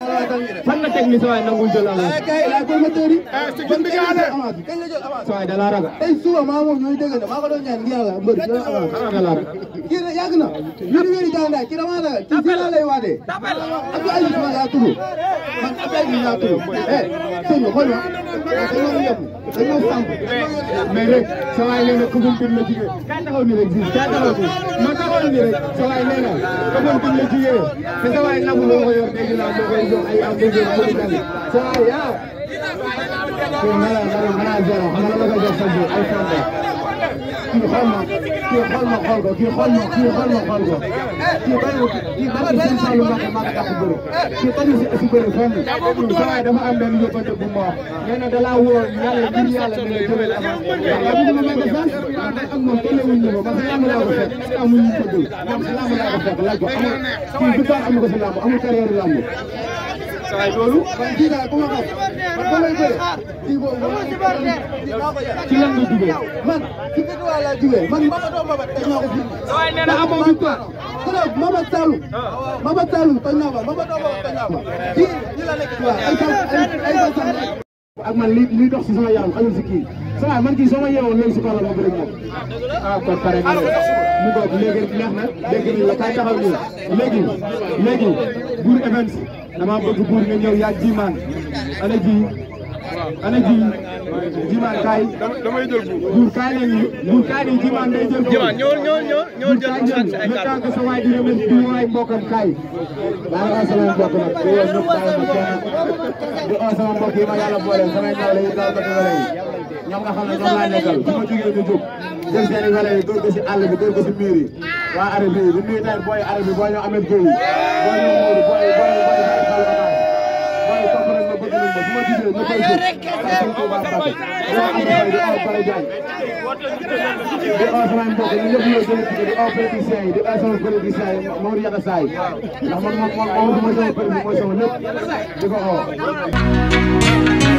fan la teg ni sa waay nangul jël eh, eh, ah, avance. kay la ko ma tëri. si jëm bi nga xam ne avance na maa ko doon ñaan ngir yàlla a jël avance. xanaa a laa ragal. kii nag yàgg na. ñu ngi wéri jàng daal kii damaa ragal kii si laa lay waatee. ak ay gis ma laa tudd. man ak ay gis laa tudd. eh sëñ bi xool ma. dañoo yem dañoo samp. mais rek sa waay nee na kubum bin la jigéen. kaa taxaw ni rek gis kaa taxaw ni. ma taxaw ni rek sa waay nee na kubum bin la ko yor dégg naa loo koy jox ay engrais saa yaa. kii ma la ma la jox ma la ko jox sa ji ay sànq. kii xool ma kii xool ma xool ko kii xool ma kii xool ma xool ko. kii bariwul kii bariwul seen saalu mbàkk maa ngi tax a bëri. kii bariwul si si bëri fenn. saa dafa am benn yóbbante bu ma wax. nee na dalaa wóor yàlla ngir yàlla dina jëlee avant. waaw bu ma mën a sant man de ak moom tollu wuñ ñu ko man si làmb laa ko fekk amuñu ko déglu man si làmb laa ko fekk laaj ko amul kii bi daal amu ko si làmb amul carrière làmb. waaye loolu. man kii daal bu ma xam man ba may bëre kii boobu ci lan nga jugee man ci dëkk waa laa jugee man Mamadou Mamadou toj naa ko fi. te amoo victoire. xanaa Mamadou Saloum. Mamadou Saloum toj naa ko Mamadou Mamadou toj naa ko. kii waaw ay ay ak man li li dox si sama yaram xajul si kii saa man kii soo ma yeewoon léegi si Pawla ma bëri moom. ah kon pare na mu góob léegi neex na léegi nii la kay taxaw nii léegi léegi buur event dama bëgg buur nga ñëw yaa jiimaan ana ji ana ji jiimaan kaay damay jël buur buur kaay la ñu buur kaay la jiimaan day jël jiimaan ñëw ñëw ñëw ñëw jël ci ay kàddu sa waay di remercier di waay mbokkam kaay maa ngi sama mbokk nag di yow ñëpp daal ma kenn di oo sama mbokk yi ma yàlla boole sama ñaaw la yi daal ko wala yi ñoom nga xam ne ñoom laa nekkal bu ma jógee ñu jóg jël seen i wala yi dóor ko si àll bi dóor ko si miir yi waa arab yi di nuyu tamit booy arab yi booy ñoo amee góor yi booy ñoo Modou booy booy booy Baye Fall Obaay booy topp rek ma bëgg leen ma bu ma gisee ma koy jël ma koy ko baax baax boo am na di aw Bara Diagne di aw sama mbokk ñu ñëpp ñoo gën a di aw politiciens yi di aw sama politiciens yi Maodo Yada Saay ndax man moom moom mooy sama politique mooy sama lépp di ko oo